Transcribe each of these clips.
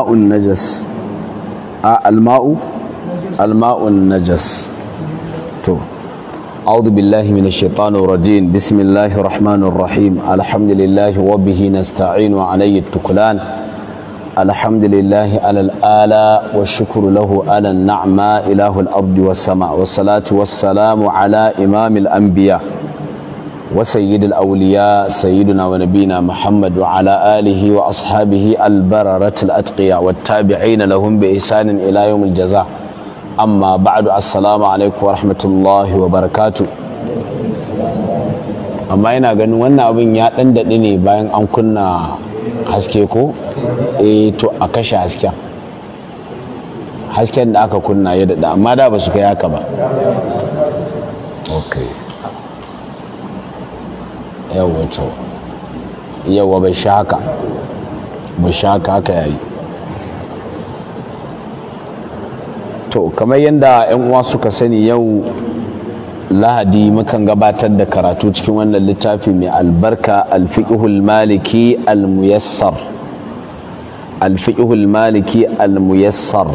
ma'un najas a alma'u alma'un najas to a'udhu billahi rahim alhamdulillahi wa bihi nasta'in tukulan alhamdulillahi alal ala wa shukru lahu ala ni'ma ilahul abdi was sama was salatu was salamu ala imamil anbiya' وسيد الأولياء سيدنا ونبينا محمد وعلى آله وأصحابه البررة الأتقياء والتابعين لهم بإحسان إلى يوم الجزاء أما بعد السلام عليكم ورحمة الله وبركاته amma yana ganin wannan abin ya dan daɗe ne bayan an kunna haske ko eh to a kashe hasken hasken da aka kunna ya daɗa amma da ba su kai haka ba okay yawa to yawa bai shaka bai shaka haka yayi to kamar yadda 'yan uwa suka sani yau lahadi mukan gabatar da karatu cikin wannan littafi mai albarka alfiqhul maliki almuyassar alfiqhul maliki almuyassar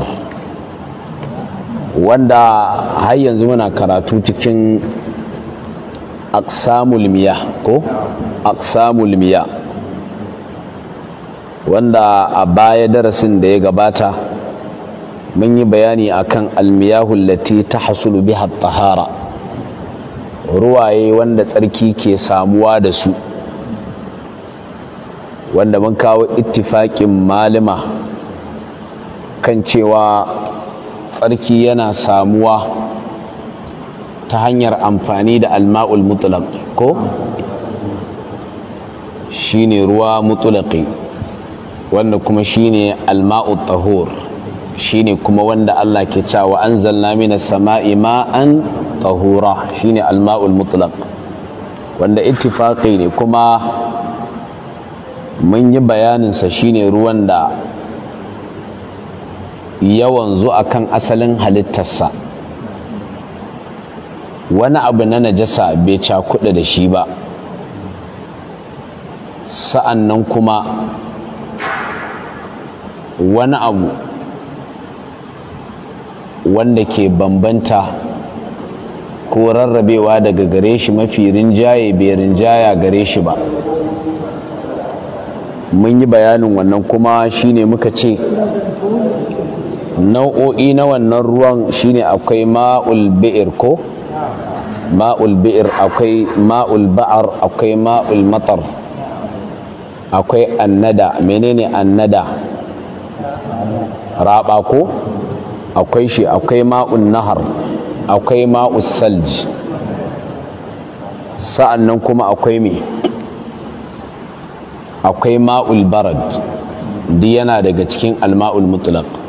wanda har yanzu muna karatu cikin aksamul miya ko aksamul miya wanda a baya darasin da ya gabata mun yi bayani akan almiyahul lati tahsulu biha tahara ruwaye wanda tsarki ke samuwa da su wanda mun kawo ittifaƙin malima kan cewa tsarki yana samuwa ta hanyar amfani da alma'ul mutulak ko shine ruwa mutulaki wanda kuma shine alma'ul tahur shine kuma wanda Allah ke cewa anzalna minas sama'i ma'an tahura shine alma'ul mutulak wanda ittifaqi ne kuma mun yi bayaninsa shine ruwan da yawan zuwa kan asalin halittarsa wani abu na najasa bai cakuɗa da shi ba sa'an nan kuma wani abu wanda ke bambanta ko rarrabewa daga gare shi mafi rinjaye bai rinjaya gare shi ba mun yi bayanin wannan kuma shine muka ce nau'o'i na wannan ruwan shine akwai ma'ul bi'ir ko ma'ul bi'ir akwai ma'ul ba'ar akwai ma'ul matar akwai annada menene annada raba ko akwai shi akwai ma'ul nahar akwai ma'us salj sa'an nan kuma akwai me akwai ma'ul barad di yana daga cikin alma'ul mutlaq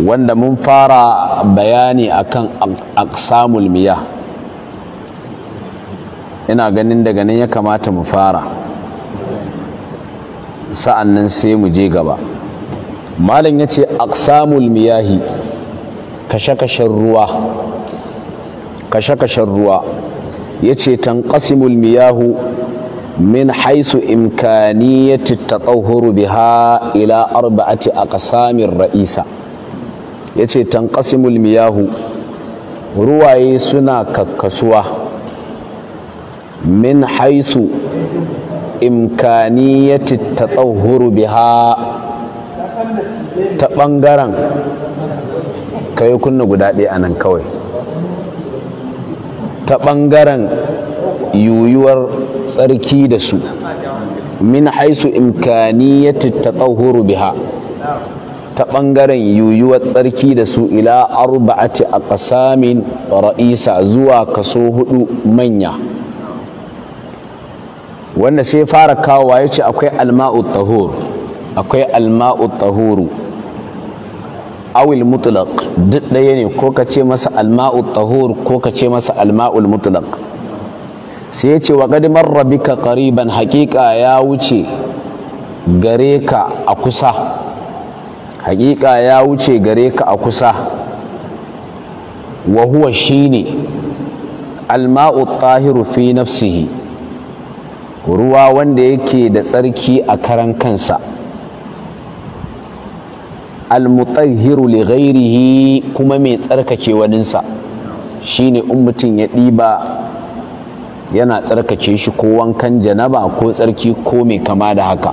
wanda mun fara bayani akan aksamul miya ina ganin daga nan ya kamata mu fara sa'an nan sai mu je gaba malam ya ce aksamul miyahi kashe-kashen ruwa kashe-kashen ruwa ya ce tanqasimul miyahu min haisu imkaniyati tatahuru biha ila arba'ati aqsamir ra'isa ya ce tanƙasimul miyahu ruwaye suna kakkasuwa min haisu imkaniyati tatahuru biha ta ɓangaren kai kunna guda ɗaya a nan kawai ta ɓangaren yiwuwar tsarki da su min haisu imkaniyati tatahuru biha ta ɓangaren yuyuwar tsarki da su ila arba'ati a ƙasamin ra'isa zuwa kaso hudu manya wanda sai fara kawowa ya ce akwai alma'u tahur akwai tahuru awil mutlaq duk ɗaya ne ko ka ce masa alma'u tahur ko ka ce masa alma'ul mutlaq sai ya ce wa qad marra bika ya wuce gare ka a kusa hakika ya wuce gare ka a kusa wa huwa shine alma'u tahiru fi nafsihi ruwa wanda yake da tsarki a karan kansa almutahhiru li ghairihi kuma mai tsarkake waninsa shine in mutum ya ɗiba yana tsarkake shi ko wankan janaba ko tsarki ko mai kama da haka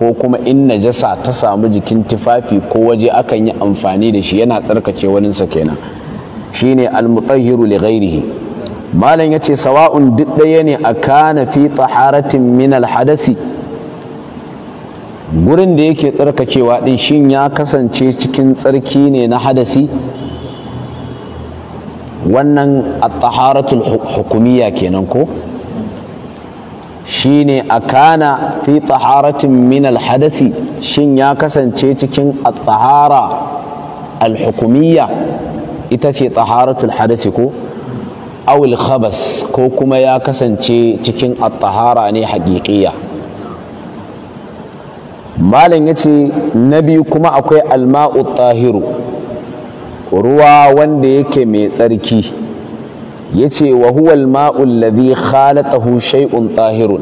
ko kuma in najasa ta samu jikin tufafi ko waje akan yi amfani da shi yana tsarkake waninsa kenan shine almutahhiru li ghairihi malam yace sawa'un duk ɗaya ne a kana fi taharatin min alhadasi gurin da yake tsarkakewa din shin ya kasance cikin tsarki ne na hadasi wannan a taharatul hukumiyya kenan ko shine akana fi taharatin min alhadasi shin ya kasance cikin at-tahara al-hukumiyya ita ce al hadasi ko aw al-khabas ko kuma ya kasance cikin at-tahara ne haqiqiyya malam yace na biyu kuma akwai al-ma'u tahiru ruwa wanda yake mai tsarki yace wa huwal ma'ul mau alladhi khalatahu shay'un tahirun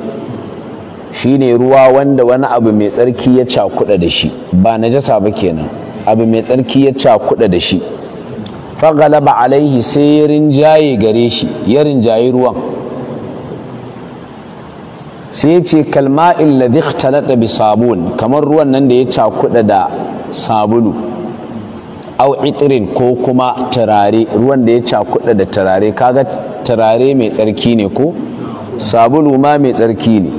shine ruwa wanda wani abu mai tsarki ya cakuda da shi ba najasa ba kenan abu mai tsarki ya cakuɗa da shi fa ba alaihi sai ya rinjaye gare shi ya rinjaye ruwan sai ya ce kalma'in ladhi ikhtalata bi sabun kamar ruwan nan da ya cakuda da sabulu au itirin ko kuma turare ruwan da ya cakuɗa da turare kaga tarare mai tsarki ne ko sabulu ma mai tsarki ne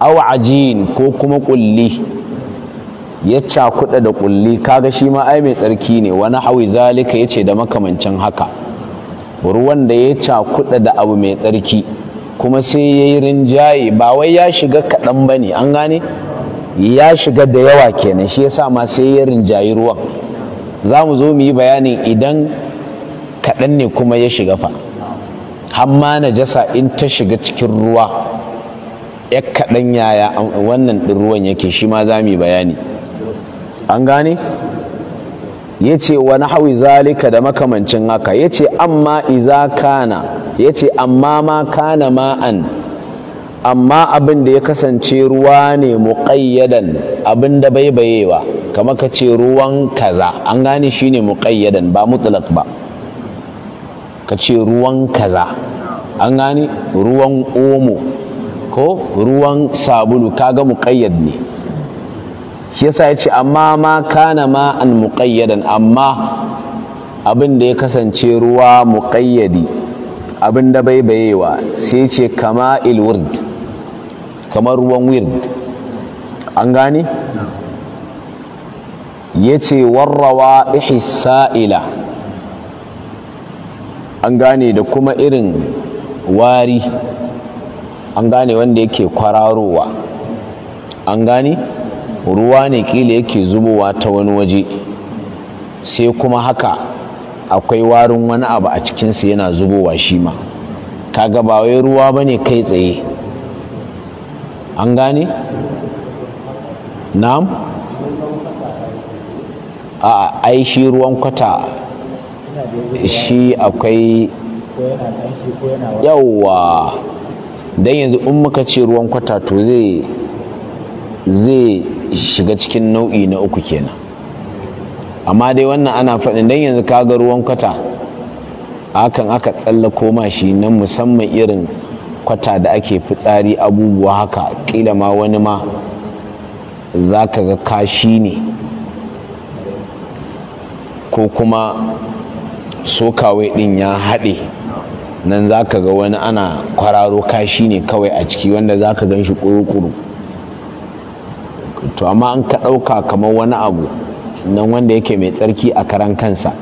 au ajin ko kuma kulli ya cakuɗa da kulli kaga shi ma ai mai tsarki ne wani hawi zalika yace da makamancin haka ruwan da ya cakuɗa da abu mai tsarki kuma sai ya yi rinjaye ba wai ya shiga kaɗan ba ne an gane ya shiga da yawa kenan shi yasa ma sai ya rinjayi ruwan za mu zo mu yi bayanin idan kaɗan ne kuma ya shiga fa hamma na jasa in ta shiga cikin ruwa ya kaɗan yaya wannan ɗin ruwan yake shi ma za mu yi bayani an gane ya ce wani hawi zalika da makamancin haka ya ce amma iza kana ya ce amma ma kana ma'an amma abin da ya kasance ruwa ne mu ƙayyadan abin da baibayewa kamar ka ce ruwan kaza an gane ne muƙayyadan ba mutlaq ba ka ce ruwan kaza an gane ruwan omo ko ruwan sabulu kaga muƙayyad ne shi ya ce amma ma kana ma an muƙayyadan amma abin da ya kasance ruwa muƙayyadi abin da bai bayewa sai ce kama ilwurd kamar ruwan wird an gane ya ce warrawa sa'ila. an gane da kuma irin wari an gane wanda yake kwararowa an gane ruwa ne kila yake zubowa ta wani waje sai kuma haka akwai warin wani abu a cikinsa yana zubowa shi ma kaga ba wai ruwa ba ne kai tsaye an gane na'am a ai shi ruwan kwata shi akwai yawwa don yanzu in muka ce ruwan kwata to zai shiga cikin nau'i na uku kenan amma dai wannan ana faɗin don yanzu kaga ruwan kwata hakan aka tsallako ma shi na musamman irin kwata da ake fitsari abubuwa haka ƙila ma wani ma za ka ga kashi ne ko kuma sokawai ɗin ya haɗe nan za ka ga wani ana kwararo kashi ne kawai a ciki wanda za ka gan shi ƙuruƙuru to amma an ka ɗauka kamar wani abu nan wanda yake mai tsarki a karan kansa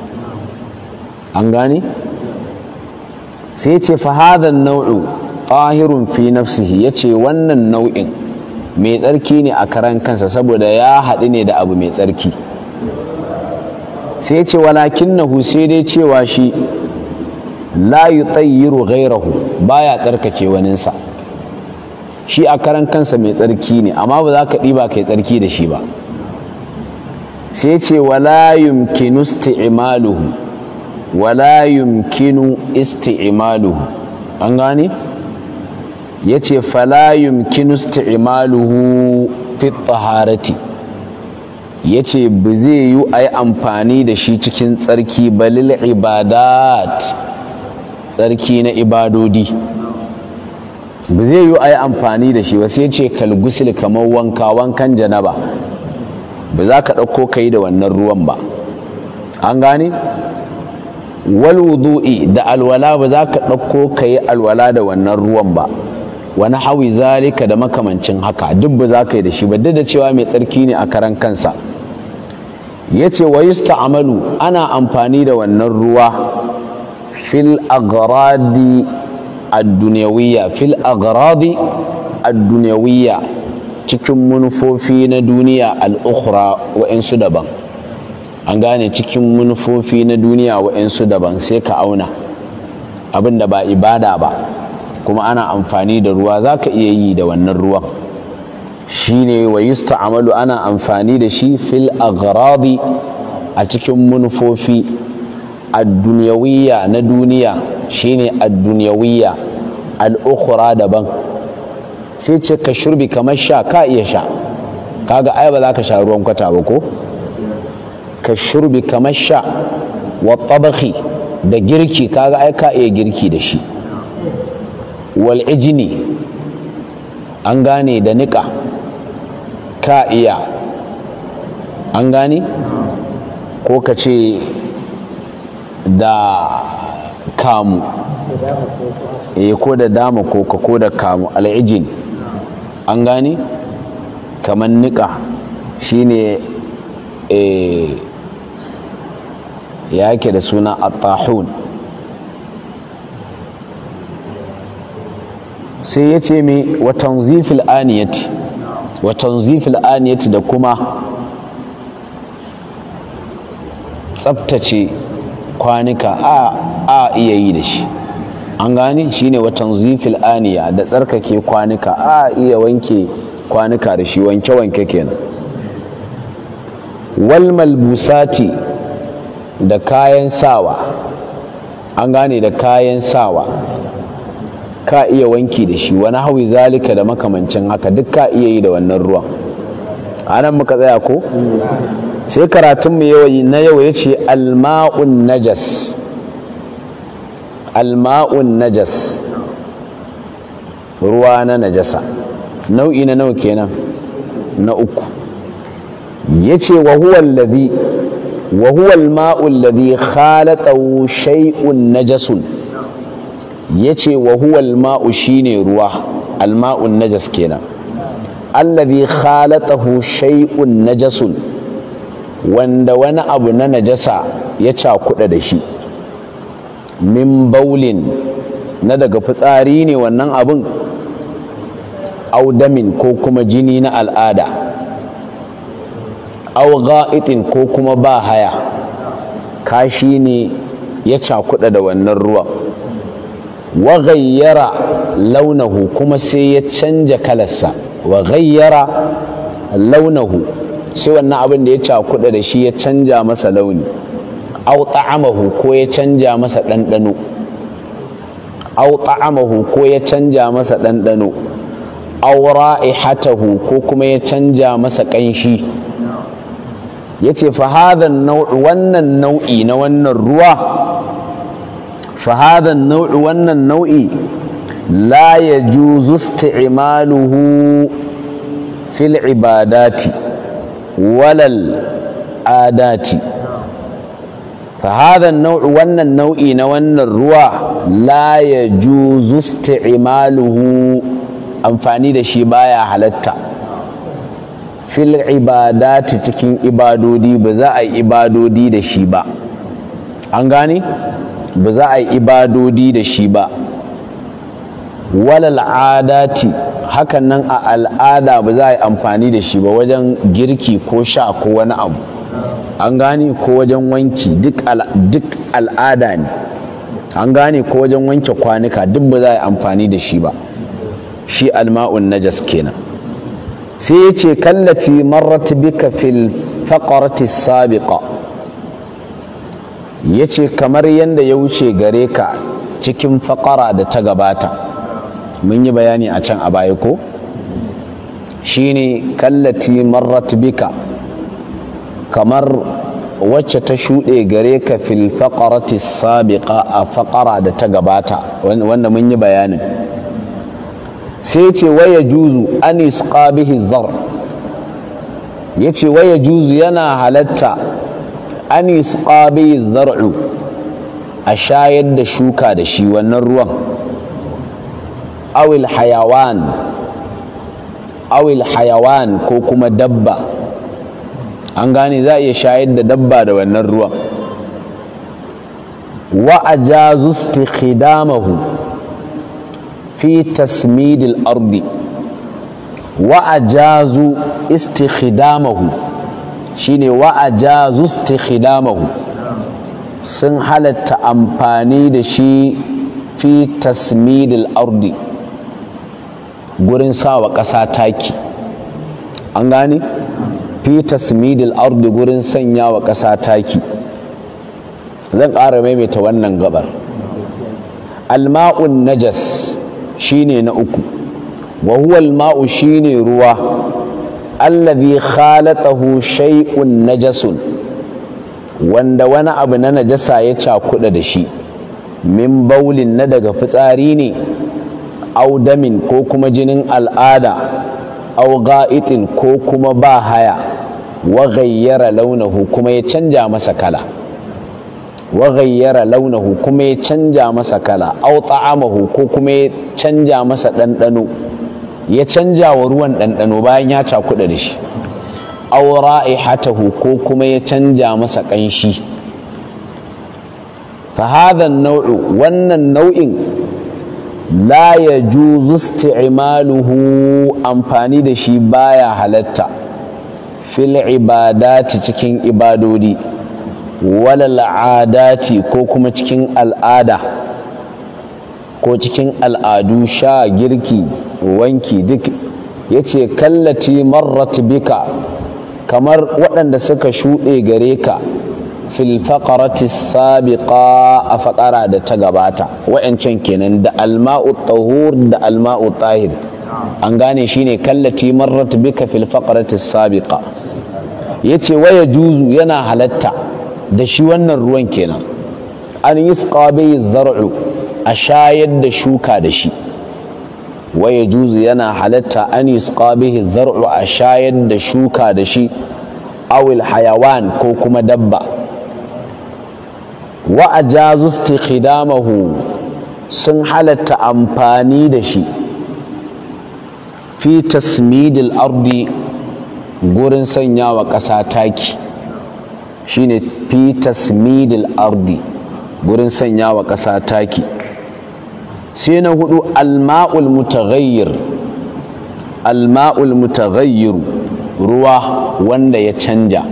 an gane sai ce fahadar nau'in ƙahirun fi nafsihi ya ce wannan nau'in mai tsarki ne a karan kansa saboda ya haɗu ne da abu mai tsarki sai ce na sai dai cewa shi la rahu ba ya tsarkake waninsa shi a karan kansa mai tsarki ne amma ba za ka ɗiba kai tsarki da shi ba sai ce wala yumkinu isti'maluhu wala yumkinu an gane yace fala kinu isti'maluhu fi taharati ya ce ba zai yi a yi amfani da shi cikin tsarki balil ibadat tsarki na ibadodi ba zai yi a yi amfani da shi wasu ya ce kalgusil kamar wanka wankan janaba ba za ka ɗauko ka yi da wannan ruwan ba an gane wal wudu'i da alwala ba za ka ɗauko ka yi alwala da wannan ruwan ba wani hawi zalika da makamancin haka duk ba za ka yi da shi ba duk da cewa mai tsarki ne a karan kansa ya ce wa amalu ana amfani da wannan ruwa fil agradi a dunyawiyya fil agradi cikin manufofi na duniya al'ukura wa'insu daban an gane cikin manufofi na duniya wa'insu daban sai ka auna abinda ba ibada ba kuma ana amfani da ruwa za ka iya yi da wannan ruwan shine wa yusta'malu ana amfani da shi fil aghradi a cikin manufofi ad-dunyawiyya na duniya shine ad-dunyawiyya al-ukhra daban sai ce ka shurbi kamar sha ka iya sha kaga ai ba za ka sha ruwan kwata ba ko ka shurbi kamar sha wa tabakhi da girki kaga ai ka iya girki da shi wal ijni an gane da niƙa ka iya an gani ko ka ce da kamu e ko da dama ko ka ko da kamu al'ijin an gani kamar niƙa shine e eh, ya ke da suna attahun sai ya ce mai watan zifil aniyati wa tanzifil aniyati da kuma tsaftace kwanuka a a iya yi da shi an gane shine wa tanzifil aniya da tsarkake kwanuka a iya wanke kwanuka da shi wanke wanke kenan wal malbusati da kayan sawa an gane da kayan sawa ka iya wanki da shi wani hawi zalika da makamancin haka duk ka iya yi da wannan ruwan a nan muka tsaya ko sai karatun mu na yau ya ce alma'un najas alma'un najas ruwa na najasa nau'i na nawa kenan na uku ya ce wahuwan huwa wahuwan wa huwa alma'u alladhi najasun Ya wa huwa alma'u ne ruwa alma'un najas kenan allazi khalatahu shay'un najasun wanda wani abu na najasa ya cakuɗa da shi min baulin na daga fitsari ne wannan abin audamin ko kuma jini na al'ada au ga'itin ko kuma ba haya kashi ne ya cakuɗa da wannan ruwan wa ghayyara launahu kuma sai ya canja kalarsa wa ghayyara launahu sai wannan abin da ya cakuɗa da shi ya canja masa launi au ta'amahu ko ya canja masa ɗanɗano au ta'amahu ko ya canja masa ɗanɗano au ra'ihatahu ko kuma ya canja masa ƙanshi yace fa hadha wannan nau'i na wannan ruwa فهذا النوع وان النوع لا يجوز استعماله في العبادات ولا العادات فهذا النوع وان النوع وان الروا لا يجوز استعماله amfani da shi baya halatta fil ibadati cikin ibadodi ba za a yi ibadodi da shi ba an gani ba za a yi ibadodi da shi ba walal adati hakan nan a al'ada ba za a yi amfani da shi ba wajen girki ko sha ko wani abu an gane ko wajen wanki duk al'ada ne an gane ko wajen wanke kwanuka duk ba za a yi amfani da shi ba shi alma'un najas kenan sai ya ce kallaci marrat bika fil faqarati sabiqa ya ce kamar yadda ya wuce gare ka cikin faƙara da ta gabata mun yi bayani a can a baya ko shi ne kallati marat bika kamar wacce ta shuɗe gare ka fil faqarati sabiqa a faƙara da ta gabata wanda mun yi bayanin sai ce waya juzu anis ƙabihi zar, ya ce waya juzu yana halatta Ani yusqa bihi zar'u a shayar da shuka da shi wannan ruwan awil hayawan awil hayawan ko kuma dabba an gane za a iya shayar da dabba da wannan ruwan wa ajazu istikhdamahu fi tasmidil ardi wa ajazu istikhdamahu shine wa'ajazu istikhlamahu sun halatta amfani da shi fi tasmidil ardi gurin sawa ƙasa taki an gane fi tasmidil ardi gurin sanya wa ƙasa taki zan ƙara maimaita wannan gabar alma'un najas shine na uku wa huwa alma'u shine ruwa allazi khalatahu shay'un najasun wanda wani abu na najasa ya cakuɗa da shi min baulin na daga fitsari ne audamin ko kuma jinin al'ada au ga'itin ko kuma ba haya wa gayyara launahu kuma ya canja masa kala wa gayyara launahu kuma ya canja masa kala au ta'amahu ko kuma ya canja masa ɗanɗano ya canja wa ruwan ɗanɗano bayan ya cakuɗa da shi aura ihatahu ko kuma ya canja masa ƙanshi fahadan nau'u wannan nau'in la ya juzu isti'maluhu amfani da shi baya halatta fil ibadati cikin ibadodi walal adati ko kuma cikin al'ada ko cikin al'adu sha girki wanki duk ya ce kallati marrat bika kamar waɗanda suka shuɗe gare ka fil a faƙara da ta gabata wa'ancan kenan da alma'u tahur da alma'u tahir an gane shine kallati marrat bika fil faqarati ya yace waya juzu yana halatta da shi wannan ruwan kenan an yi bi zar'u a shayar da shuka da shi waye juzu yana halatta an bihi zar'u a shayar da shuka da shi awil hayawan ko kuma dabba wa ajazu istikhdamahu sun halatta amfani da shi fi tasmidil ardi gurin wa ƙasa taki shine fi tasmidil ardi gurin sanyawa ƙasa taki sai na hudu alma'ul mutaghayyir alma'ul ruwa wanda ya canja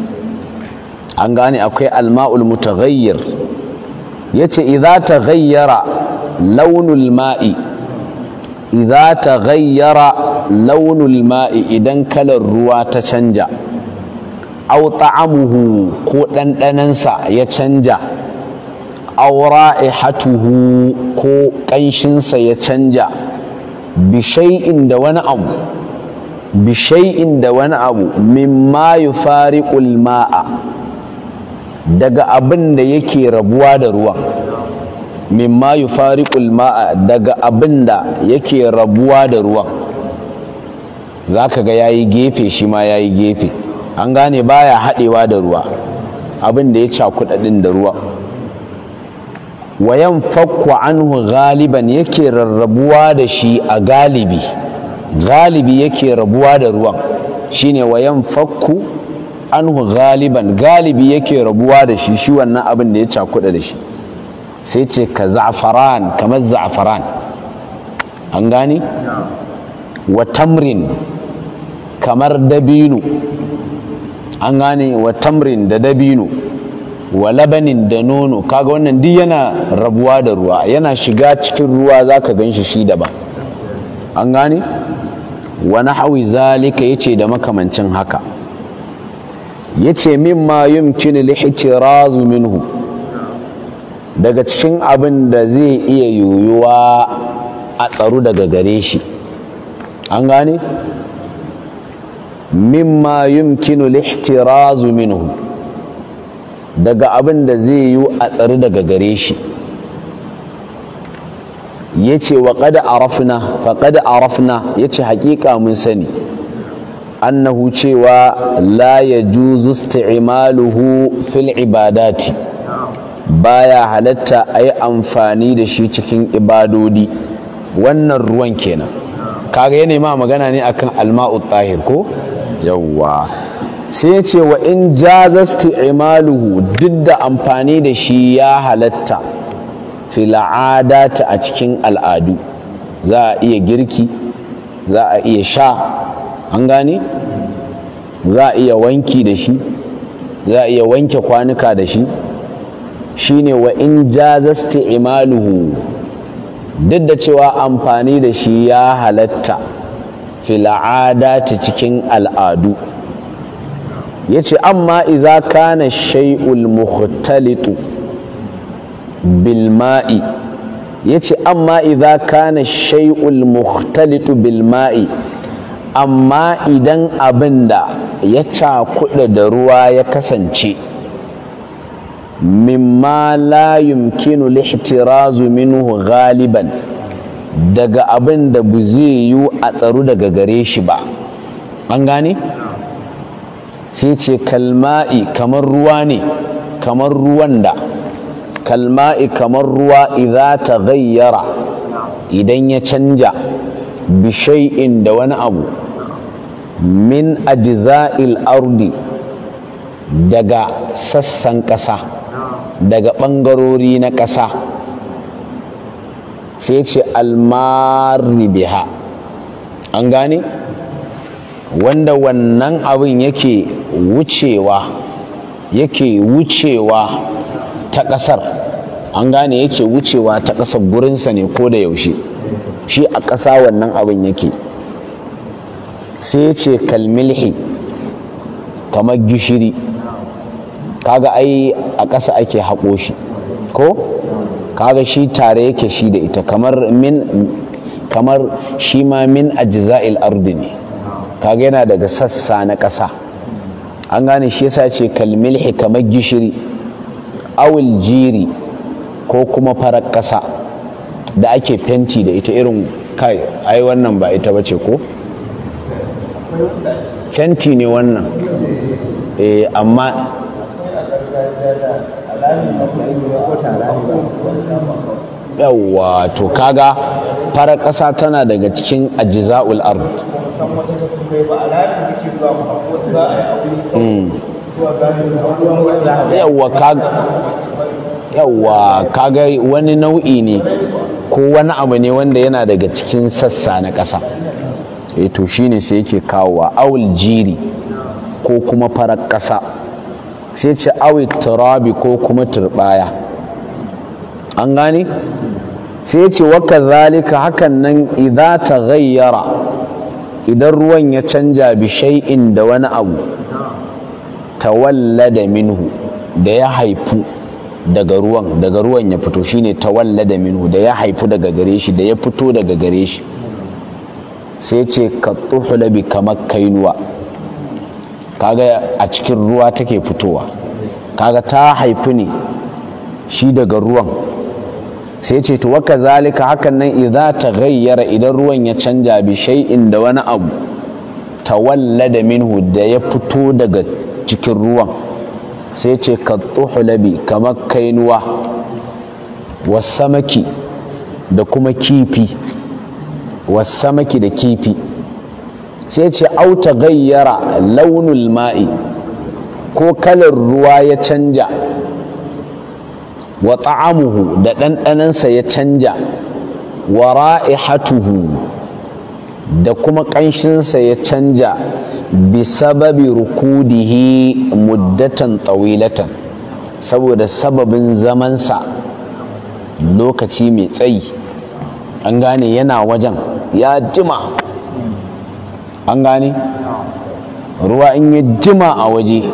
an gane akwai alma'ul mutaghayyir yace idza taghayyara launul ma'i idza taghayyara launul ma'i idan kalar ruwa ta canja au ta'amuhu ko ɗanɗanansa ya canja aura ihatuhu ko ƙanshinsa ya canja bishai'in da wani abu bishai'in da wani abu mimma yufariqul ma'a daga abin da yake rabuwa da ruwan mimma yufariqul ma'a daga abin da yake rabuwa da ruwan zaka ga yayi gefe shi ma yayi gefe an gane baya haɗewa da ruwa abin da ya cakuɗa ɗin da ruwan wa fakku anhu galiban yake rarrabuwa da shi a galibi galibi yake rabuwa da ruwan shine wa fakku anhu galiban galibi yake rabuwa da shi shi wannan abin da ya cakuda da shi sai ce ka za'afaran kamar za'afaran an gane wa tamrin kamar dabino an gane wa tamrin da dabino wa labanin da nono kaga wannan duk yana rabuwa da ruwa yana shiga cikin ruwa za ka ganshi shi daban an gane Wani hawi zalika yace da makamancin haka yace mimma yumkinu al-ihtiraz minhu daga cikin abin da zai iya yoyuwa a tsaro daga gare shi an gane mimma yumkinu al-ihtiraz minhu daga abin da zai yi a tsari daga gare shi ya ce wa ƙada arafna fa ƙada arafna ya ce haƙiƙa mun sani annahu cewa la ya juzu isti'maluhu fil ibadati baya halatta a yi amfani da shi cikin ibadodi wannan ruwan kenan kaga yana ma magana ne akan alma'ut tahir ko yawwa sai ya ce wa in jazasti imaluhu duk da amfani da shi ya halatta fil'adata a cikin al'adu za a iya girki za a iya sha an gane za a iya wanki da shi za a iya wanke kwanuka da shi ne wa in jazasti imaluhu duk da cewa amfani da shi ya halatta fil'adata cikin al'adu yace amma iza kana shai'ul muhtalitu bilma'i ma'i yace amma idza kana shay'ul mukhtalitu bil amma idan abinda ya cakuɗa da ruwa ya kasance mimma la yumkinu lihtirazu minhu ghaliban daga abin da bu zai yiwu a tsaro daga gare shi ba an gane sai ce kalma'i kamar ruwa ne kamar ruwan da kalma'i kamar ruwa idan ta zayyara idan ya canja bishai'in da wani abu min ajza'il ardi daga sassan ƙasa daga ɓangarori na ƙasa sai ce almari biha an gane wanda wannan abin yake wucewa yake wucewa ta ƙasar an gane yake wucewa ta ƙasar gurinsa ne ko da yaushe shi a ƙasa wannan abin yake sai ce kalmilhi kamar gishiri kaga ai a ƙasa ake haƙo shi ko kaga shi tare yake shi da ita kamar min kamar shi ma min ajza'il ardi ne kaga yana daga sassa na ƙasa an gane shi yasa ce kalmilhi kamar gishiri awul, jiri ko kuma farar ƙasa da ake fenti da ita irin kai ai wannan ba ita bace ko fenti ne wannan eh amma yawwa to kaga farar ƙasa tana daga cikin ajiza'ul ard kai ba da zuwa ba ko za a yi yawwa yawwa kaga wani nau'i ne ko wani abu ne wanda yana daga cikin sassa na ƙasa e to shi ne sai yake kawowa awul jiri ko kuma farar ƙasa sai ce awul turabi ko kuma turbaya an gane sai ce waka zalika hakan nan idza gayyara. idan ruwan ya canja bishai'in da wani abu tawalla da minhu da ya haifu daga ruwan daga ruwan ya fito shine tawalla da minhu da ya haifu daga gare shi da ya fito daga gare shi sai ce ka bi kamar kainuwa kaga a cikin ruwa take fitowa kaga ta haifu ne shi daga ruwan sai ce to waka zalika hakan nan idza gayyara idan ruwan ya canja bi inda da wani abu tawallada minhu da ya fito daga cikin ruwan sai ce ka tuhulabi kamar kainuwa wasamaki da kuma kifi wasamaki da kifi sai ce au gayyara launul ma'i ko kalar ruwa ya canja wa ta'amuhu da ɗanɗanansa ya canja wa ra'ihatuhu da kuma ƙanshinsa ya canja bi sababi rukudihi muddatan tsawilatan saboda sababin zamansa lokaci mai tsayi an gane yana wajen ya jima an gane ruwa in ya jima a waje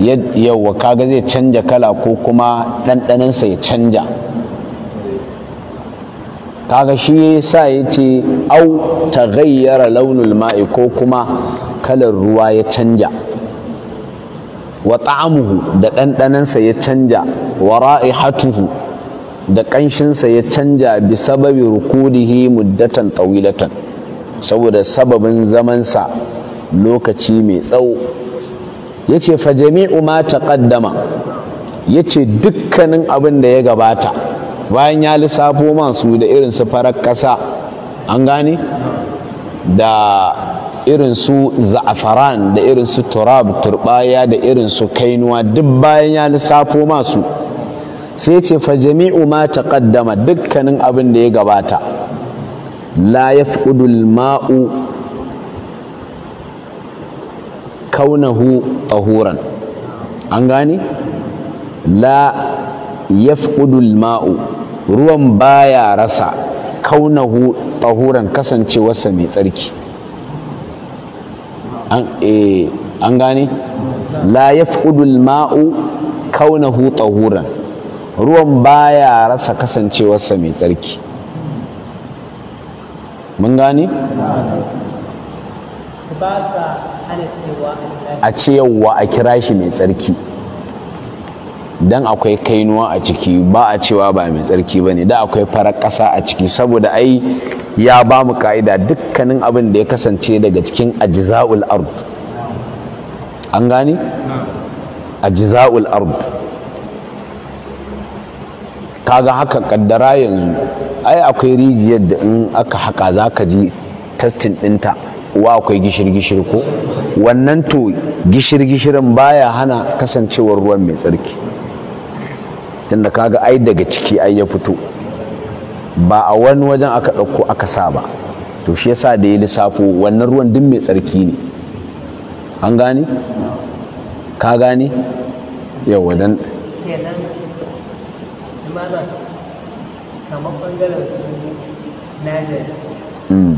yawwa kaga zai canja kala ko kuma ɗanɗaninsa ya canja kaga shi ya sa ya ce au ta gayyara launin ma'i ko kuma kalar ruwa ya canja wa ta'amuhu da ɗanɗaninsa ya canja wa ra'ihatuhu da ƙanshinsa ya canja bi sababi rukudihi muddatan tawilatan saboda sababin zamansa lokaci mai tsawo yace fa jami'u ma taqaddama ce dukkanin abin da ya gabata bayan ya lissafo man su da irin su farar kasa, an gane da irin su za'afaran da irin su turab turbaya da irin su kainuwa duk bayan ya lissafo masu sai ce fa jami'u ma taqaddama dukkanin abin da ya gabata la yafqudul ma'u kaunahu tahuran an gane la yafqudu ma'u ruwan baya rasa kaunahu tahuran kasancewarsa mai tsarki an eh an gane la ma'u alma'u kaunahu tahuran ruwan baya rasa kasancewarsa mai tsarki mun gane ba sa a ce yauwa a kira shi mai tsarki Don akwai kainuwa a ciki ba a cewa ba mai tsarki ba ne da akwai farar ƙasa a ciki saboda ai ya ba mu ka'ida dukkanin abin da ya kasance daga cikin ajiza'ul ard an gane ajiza'ul ard kaga haka kaddara yanzu ai akwai rijiyar da in aka haka za ka ji testin ɗinta wa akwai gishir-gishir ko wannan to gishir-gishirin baya hana kasancewar ruwan mai tsarki tunda kaga ai daga ciki ai ya fito ba a wani wajen aka ɗauko aka sa ba to shi yasa da ya lissafo wannan ruwan duk mai tsarki ne an gane ka gane yawa dan kamar su najar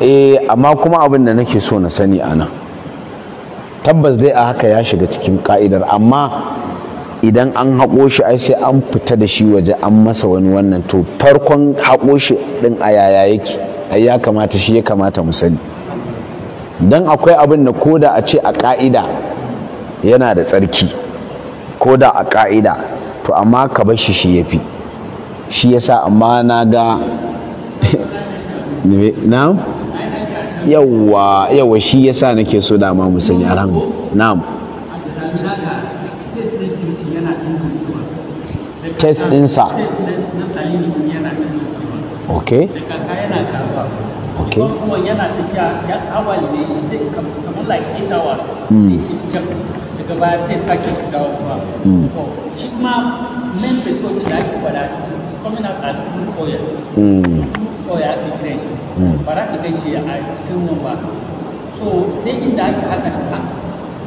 Eh, amma kuma abin da nake so na sani a tabbas dai a haka ya shiga cikin ka'idar amma idan an haƙo shi ai sai an fita da shi waje an masa wani wannan to farkon haƙo shi ɗin a yaya yake ai ya kamata shi ya kamata mu sani don akwai abin da koda a ce a ƙa'ida yana da tsarki ko da a ka'ida to amma ka bar shi shi ya fi shi yasa amma na ga na yawa yawa shi yasa nake so dama mu sani alhamdulillah na'am test ɗinsa ok okay kuma yana tafiya ya awal ne zai kamar like eight hours daga baya sai sake shiga kuma shi kuma main petrol da ake kwada is coming out as crude oil kawai aka gina shi hmm. ba za ka gaishe a cikin nan ba so sai inda ake haka shi ha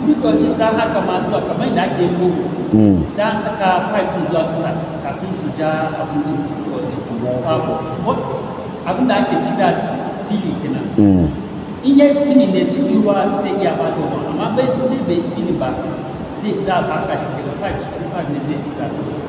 dukkan isa haka ma zuwa kamar da ake yi hmm. za a saka pipe zuwa kusa kafin su ja abin da abin da ake cira spili kenan hmm. in ya spili ne cikin ruwa zai iya ba da amma bai bai spili ba sai za a baka shi daga pipe cikin pipe ne zai fita da wasu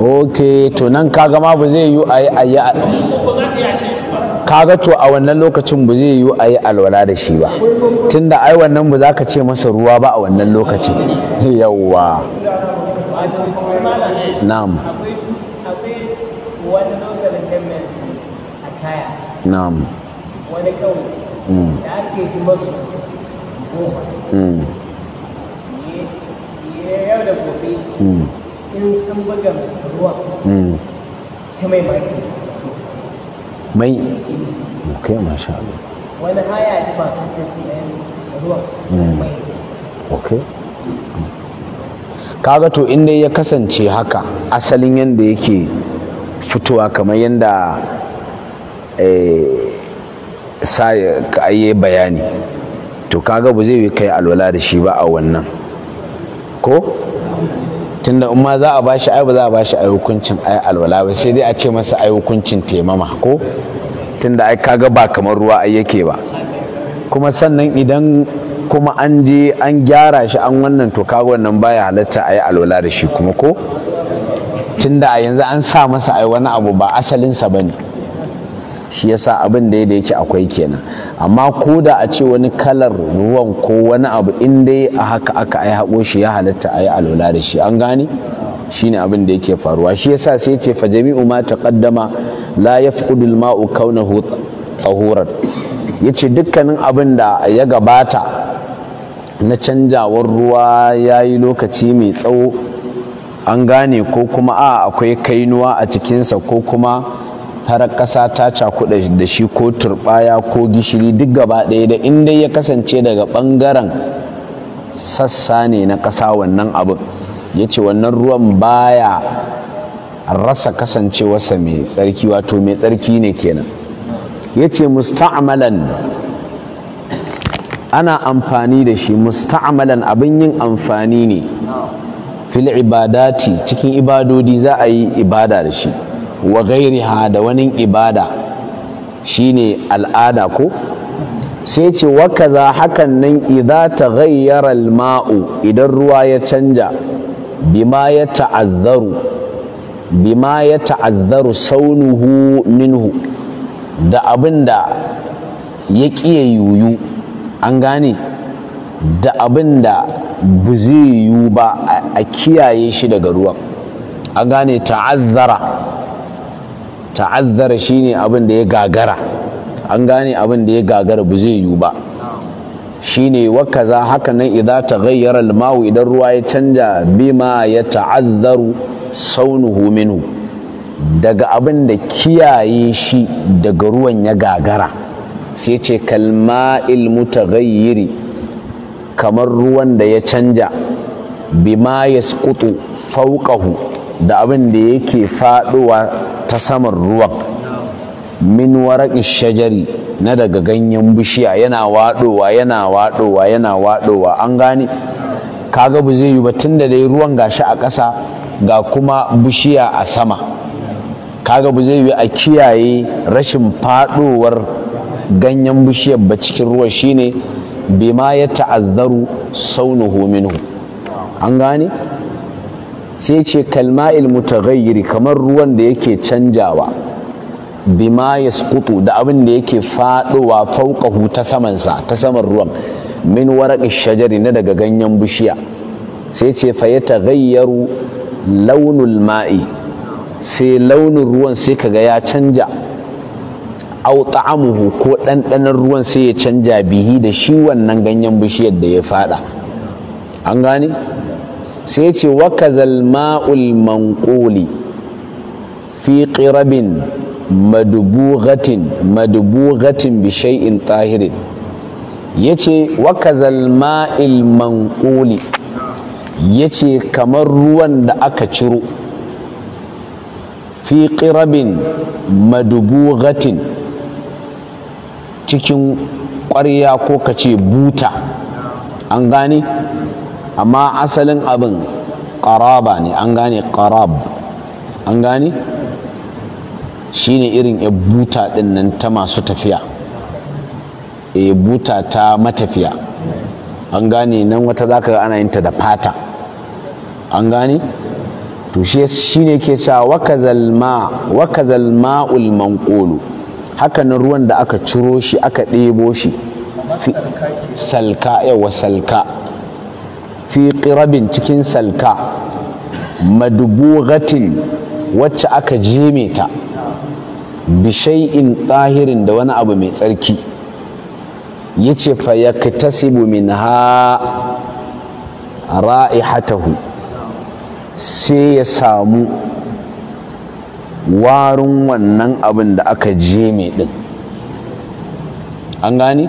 ok to nan kaga ma ba zai yi a yi a kaga to a wannan lokacin ba zai yi a yi alwala da shi ba tunda ai wannan ba za ka ce masa ruwa ba a wannan lokacin yawwa na'am na'am wani kawai da ake ji masu goma yau da gobe in sun buga ruwa hmm. ta mai maki mai kai masha Allah wani haya da ba ta ruwa hmm. mai okay kaga to inda ya kasance haka asalin yadda yake fitowa kamar yadda eh, sa ya bayani to kaga ba zai kai alwala da shi ba a wannan ko tunda in ma za a bashi ai ba za a bashi ai hukuncin ai alwala ba sai dai a ce masa ai hukuncin taimama ko tunda ai kaga ba kamar ruwa ai yake ba kuma sannan idan kuma an je an gyara shi an wannan to kaga wannan baya halatta ai alwala da shi kuma ko tunda a yanzu an sa masa ai wani abu ba asalinsa bane shi yasa abin da da yake akwai kenan amma ko da a ce wani kalar ruwan ko wani abu in dai a haka aka ai haƙo shi ya halatta a yi alola da shi an gane shine abin da yake faruwa shi yasa sai ce fa jami'u ma taqaddama la yafqudu al-ma'u kaunahu tahuran yace dukkanin abin da ya gabata na canjawar ruwa yi lokaci mai tsawo an gane ko kuma a akwai kainuwa a cikinsa ko kuma farar ƙasa ta cakuɗa da shi ko turɓaya ko gishiri duk gaba ɗaya da in ya kasance daga ɓangaren sassa ne na ƙasa wannan abin ya ce wannan ruwan baya rasa kasancewarsa mai tsarki wato mai tsarki ne kenan ya ce musta'amalan ana amfani da shi musta'amalan abin yin amfani ne fil ibadati cikin ibadodi za a yi ibada da shi wa gairiha da wani ibada shine al'ada ko sai ce waka kaza hakan nan idza ta al-ma'u idan ruwa ya canja bima ya ta'azzaru bima ya ta'azzaru saunuhu minhu da abinda ya kiye yuyu an gane da abinda buzi zai ba a kiyaye shi daga ruwan an gane ta'azzara ta'azzara shine abin da ya gagara an gane abin da ya gagara ba zai yiwu ba shine wakaza haka nan idza taghayyara al-ma'u idan ruwa ya canja bima ya ta'azzaru saunuhu minhu daga abin da kiyaye shi daga ruwan ya gagara sai ce kalma kalma'il mutaghayyiri kamar ruwan da ya canja bima yasqutu fawqahu da abin da yake faduwa ta saman ruwan min waraƙi shajari na daga ganyen bishiya yana waɗowa yana waɗowa yana waɗowa an gane kaga ba zai yi ba da dai ruwan gashi a ƙasa ga kuma bishiya a sama kaga ba zai yi a kiyaye rashin faɗowar ganyen bishiyar ba cikin ruwa shine bima ya ta'azzaru saunuhu minhu an gane sai ce kalma'il mutaghayyiri kamar ruwan da yake canjawa bima yasqutu da abin da yake faɗowa fauƙahu ta samansa ta saman ruwan min waraƙi shajari na daga ganyen bishiya sai ce fa ya yataghayyaru launul ma'i sai launin ruwan sai kaga ya canja au ta'amuhu ko ɗanɗanon ruwan sai ya canja bihi da shi wannan ganyen bishiyar da ya faɗa, an gane sai ya ce waka zalma'ul manƙoli fi ƙirabin madubugatin madubugatin bishai'in tahirin ya ce waka ma'il manƙuli ya ce kamar ruwan da aka ciro fi ƙirabin madubugatin cikin ƙwarya ko ka ce buta an gane amma asalin abin ƙaraba ne an gane ƙarab an gane shi ne irin ya buta ɗin nan ta masu tafiya ya eh, buta ta matafiya an gane nan wata zaka ga ana yin ta da fata an gane to shi ne ke sa wakazal ma'ul manƙolo haka ruwan da aka ciro shi aka ɗebo shi salka yawa salka fi ƙirabin cikin salka madubughatin wacce aka jeme ta bishai'in ɗahirin da wani abu mai tsarki ya ce fa ya min ha ra'ihatahu sai ya samu warin wannan abin da aka jeme ɗin an gani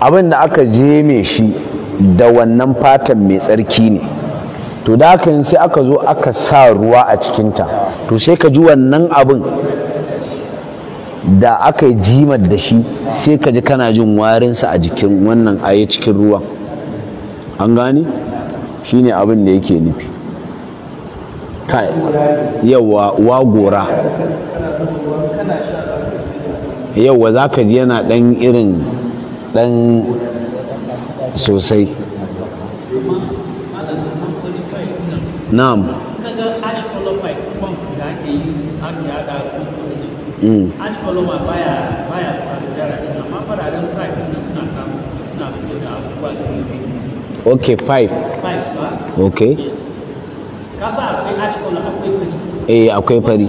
abin da aka jeme shi da wannan fatan mai tsarki ne to da haka sai aka zo aka sa ruwa a cikinta to sai ka ji wannan abin da aka yi jimar da shi sai ka ji kana jin warinsa a jikin wannan aye cikin ruwa an gane shi ne abin da yake nufi yawa gora yawa za ka ji yana ɗan irin ɗan sosai na'am ok 5 ok kasa akwai ashkola akwai fari eh akwai fari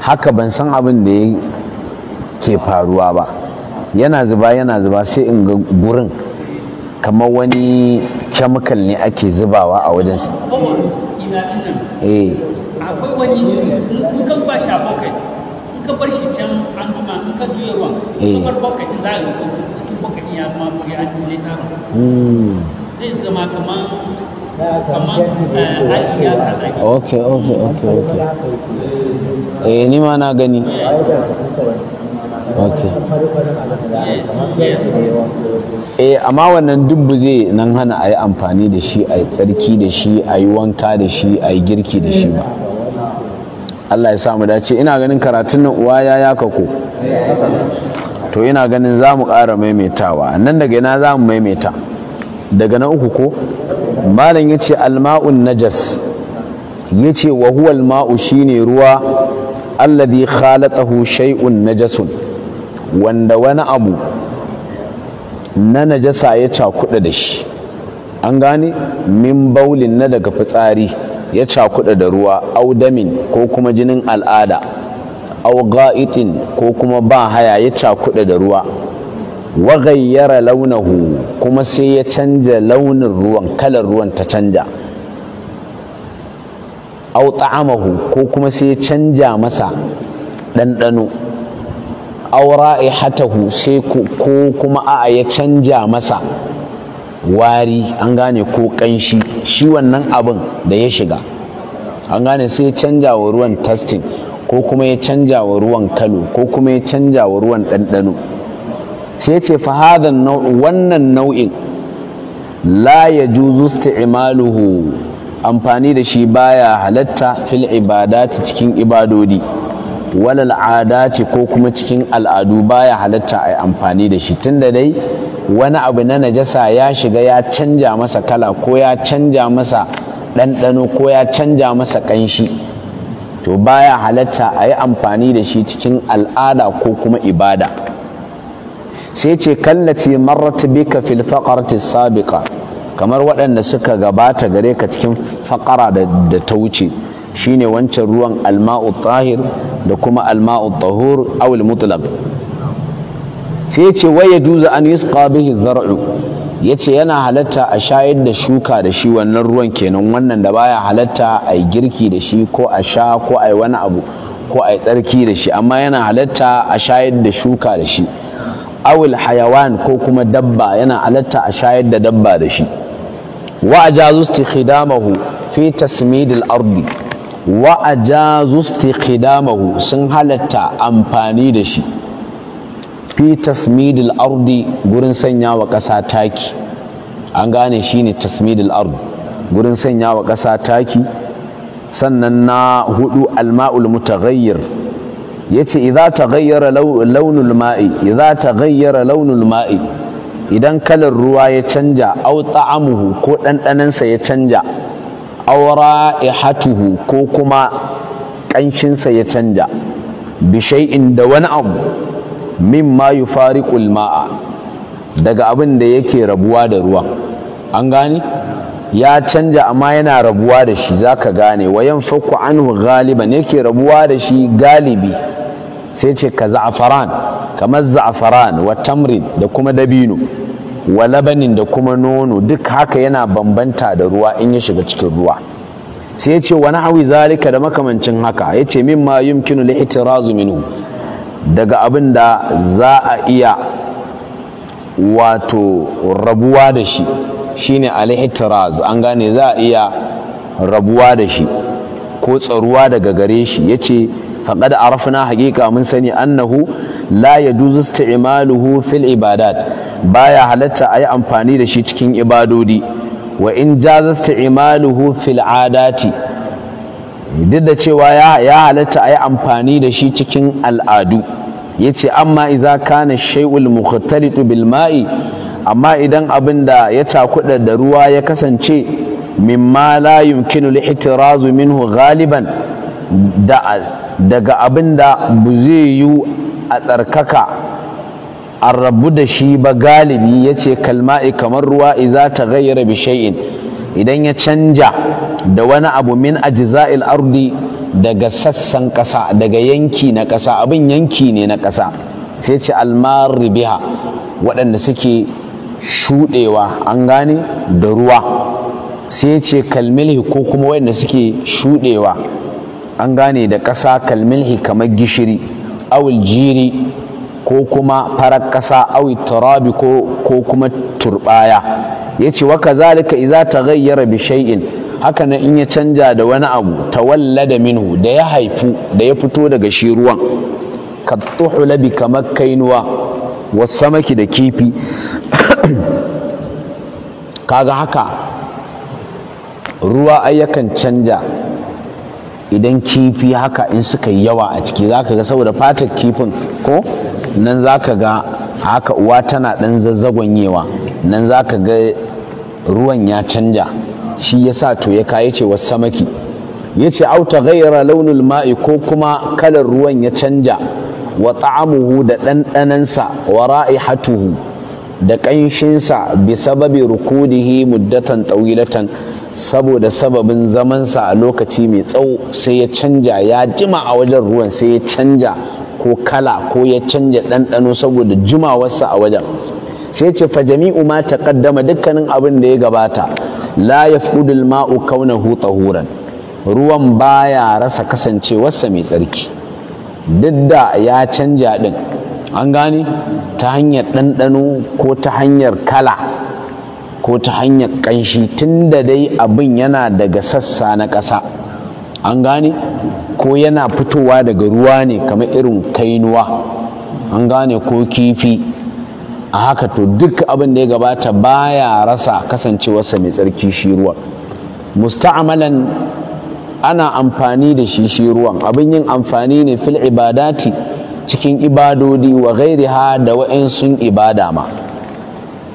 haka ban san abin da ke faruwa ba yana zuba yana zuba sai in ga gurin kamar wani chemical ne ake zubawa a wajen sa eh akwai wani in ka zuba shi a bucket in ka bar shi can an juma in ka juya ruwan in ka eh. bar bucket din za ka ga cikin bucket ya zama kuri an dole ta hmm. zai zama kamar ok ok ok ok eh ni ma gani ok eh amma wannan dubbu zai nan hana a yi amfani da shi a yi tsarki da shi a yi wanka da shi a yi girki da shi ba Allah ya mu dace ina ganin karatun nan uwa ya yaka ko to ina ganin za mu ƙara maimaitawa nan daga ina za mu maimaita daga na uku ko malam ya ce alma'un najas ce wa huwa alma'u ne ruwa alladhi khalaqahu shay'un najasun wanda wani abu na najasa ya cakuɗa da shi an gane min baulin na daga fitsari ya cakuɗa da ruwa au damin ko kuma jinin al'ada au ga'itin ko kuma ba haya ya cakuɗa da ruwa wa gayyara launahu kuma sai ya canja launin ruwan kalar ruwan ta canja au ta'amahu ko kuma sai ya canja masa ɗanɗano au hu sai ko kuma a'a ya canja masa wari an gane ko ƙanshi shi wannan abin da ya shiga an gane sai ya canja wa ruwan tastin ko kuma ya canja wa ruwan kalo ko kuma ya canja wa ruwan ɗanɗano sai ce fahadan wannan nau'in la ya juzu isti'maluhu amfani da shi baya halatta fil ibadati cikin ibadodi wal al'adati ko kuma cikin al'adu baya halatta ai amfani da shi tunda dai wani abu na najasa ya shiga ya canja masa kala ko ya canja masa ɗanɗano ko ya canja masa ƙanshi to baya halatta a yi amfani da shi cikin al'ada ko kuma ibada sai ce kallati marrat bika fil faqarati sabiqa kamar waɗanda suka gabata gare ka cikin faƙara da ta wuce shine wancan ruwan alma'u tahir da kuma alma'u tahur al mutlaq sai ce waya duza an yusqa bihi zar'u yace yana halatta a shayar da shuka da shi wannan ruwan kenan wannan da baya halatta a girki da shi ko a sha ko a wani abu ko a tsarki da shi amma yana halatta a shayar da shuka da shi awil hayawan ko kuma dabba yana alatta a shayar da dabba da shi wa ajazu istikhdamahu fi tasmidil ardi wa ajazu sun halatta amfani da shi fi tasmidil ardi gurin sanya wa ƙasa taki an gane shine ne ardi gurin sanya wa ƙasa taki sannan na hudu alma'ul mutaghayyir Ya ta gayyara launul ma'i ta gayyara launul ma'i idan kalar ruwa ya canja au ta'amuhu ko ɗanɗanansa ya canja aw ra'ihatuhu ko kuma ƙanshinsa ya canja Bishai inda wani abu mimma fari ma'a daga abin da yake rabuwa da ruwa an gane ya canja amma yana rabuwa da shi zaka gane wayan fakku anhu galiban yake rabuwa da shi galibi sai ce ka za'afaran kamar za'afaran wa tamrin da kuma dabino wa labanin da kuma nono duk haka yana bambanta da ruwa in ya shiga cikin ruwa sai ya ce wani hawi zalika da makamancin haka ya ce min mimma yumkinu li'tirazu minu daga abin da za a iya wato rabuwa da shi shine al-i'tiraz an gane za a iya rabuwa da shi ko tsaruwa daga gare shi Ya ce. faqad arafna haƙiƙa mun sani annahu la ya juzu isti'maluhu fil ibadat baya halatta ayi amfani da shi cikin ibadodi wa in jaza isti'maluhu fil adati duk da cewa ya halatta ayi amfani da shi cikin al'adu yace amma idza kana shay'ul mukhtalitu bil ma'i amma idan abin da ya cakuɗa da ruwa ya kasance mimma la yumkinu al-ihtirazu minhu ghaliban da daga abin da bu zai yi a tsarkaka an rabu da shi ba galibi ya ce kalma'i kamar ruwa iza ta gayyara bishai'in idan ya canja da wani abu min a jiza'il ardi daga sassan ƙasa daga yanki na ƙasa abin yanki ne na ƙasa sai ce almari waɗanda suke shuɗewa an gane da ruwa sai ce kalmilhi ko kuma waɗanda suke shuɗewa an gane da ƙasa kalmilhi kamar gishiri awul, jiri ko kuma farar ƙasa awi turabi ko kuma turbaya ya ce waka zalika iza ta gayyara bi haka na in ya canja da wani abu ta minhu da ya haifu da ya fito daga shi ruwan ka labi kamar kainuwa wasamaki da kifi kaga haka ruwa ayyakan canja idan kifi haka in suka yi yawa a ciki za ka ga saboda fatar kifin ko nan za ka ga haka uwa tana ɗan zazzagonyewa nan za ka ga ruwan ya canja shi ya sa to ya kayi ce wasu samaki ya ce auta gaira launin ma'i ko kuma kalar ruwan ya canja wa ta'amuhu da ɗanɗanansa wa ra'ihatuhu da ƙanshinsa bi sababi rukudihi muddatan ɗawilatan saboda sababin zamansa a lokaci mai tsawo sai ya canja ya jima a wajen ruwan sai ya canja ko kala ko ya canja ɗanɗano saboda jimawarsa a wajen sai ce fa jami'u ma ta ƙaddama dukkanin abin da ya gabata la yafqudu al-ma'u kaunahu huran ruwan baya rasa kasancewarsa mai tsarki duk da ya canja ɗin an gane ta hanyar ɗanɗano ko ta hanyar kala ko ta hanyar ƙanshi da dai abin yana daga sassa na ƙasa an gane ko yana fitowa daga ruwa ne kamar irin kainuwa an gane ko kifi a haka to duk abin da ya gabata baya rasa kasancewarsa mai tsarki shi ruwa musta'amalan ana amfani da shi shi ruwan abin yin amfani ne fil ibadati cikin ibadodi wa ha da wa'in sun ibada ma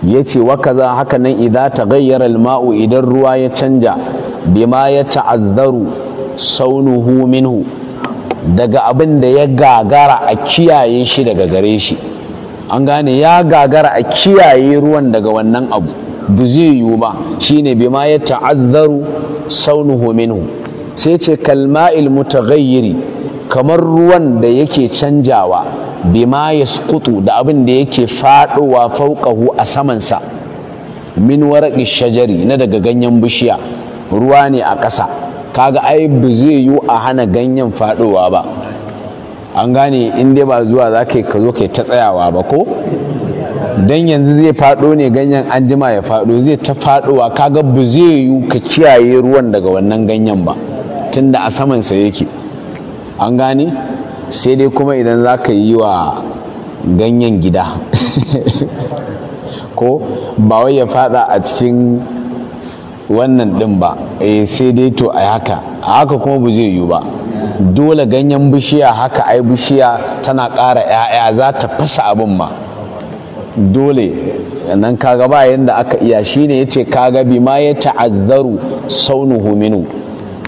ya ce wa kaza haka nan idan ta gayyara ma'u idan ruwa ya canja bima ya ta'azzaru saunuhu minhu daga abin da ya gagara a kiyaye shi daga gare shi an gane ya gagara a kiyaye ruwan daga wannan abu bu zai yiwu ba shine bima ya ta'azzaru saunuhu minhu sai ce kalma'il mutaghayyiri kamar ruwan da yake canjawa bima sukutu da abin da yake faɗowa fauƙahu a samansa min waraƙi shajari na daga ganyen bishiya ruwa ne a ƙasa kaga ai ba zai yiwu a hana ganyen fadowa ba an gane in dai ba zuwa za ka zo ka ta tsayawa ba ko dan yanzu zai fado ne ganyen anjima ya fado zai ta fadowa kaga ba zai yiwu ka kiyaye ruwan daga wannan ganyen ba tunda a samansa yake an gane sai dai kuma idan za ka yi wa ganyen gida ko ba wai ya fada a cikin wannan din ba eh sai dai to a haka a haka kuma bu zai yiwu ba dole ganyen bishiya haka ai bishiya tana ƙara 'ya'ya za ta fasa abin ma dole nan kaga ba yadda aka iya shine yace kaga bi ma ya ta'azzaru saunuhu minu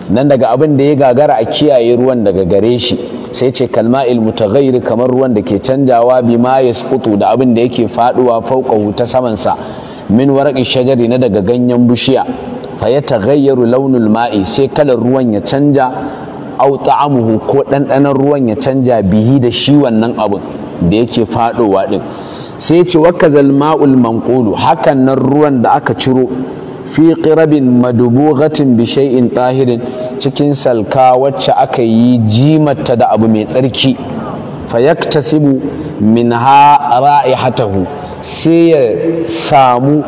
nan daga abin da ya gagara a kiyaye ruwan daga gare shi sai ce kalma ilmutaghairi kamar ruwan da ke canjawa bi ma ya da abin da yake faduwa fauka ta samansa min warakin shajari na daga ganyen bishiya fa ya taghayyaru launul ma'i sai kalar ruwan ya canja au ta'amuhu ko ɗanɗanon ruwan ya canja bihi da shi wannan abin da yake fadowa ɗin. sai ce wakazal ma'ul manqulu hakan nan ruwan da aka ciro fi ƙirabin madubughatin bishayin tahirin cikin salka wacce aka yi jimata da abu mai tsarki fayaktasibu minha ra'ihatahu sai ya samu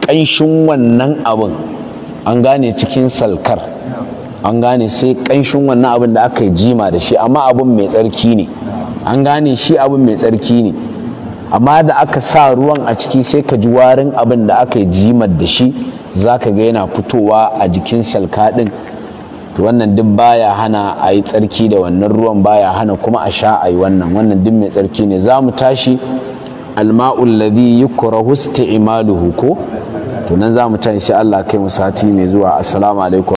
ƙanshin wannan abin an gane cikin salkar an gane sai ƙanshin wannan abin da aka yi jima da shi amma abin mai tsarki ne an gane shi abin mai tsarki ne amma da aka sa ruwan a ciki sai ka ji warin abin da aka yi jimar da shi za ka ga yana fitowa a jikin salka ɗin to wannan duk baya hana a yi tsarki da wannan ruwan baya hana kuma a sha a yi wannan wannan duk mai tsarki ne za mu tashi alma'ul ladhi yukrahu imaluhu ko to nan za mu tashi Allah kai mu sati mai zuwa assalamu alaikum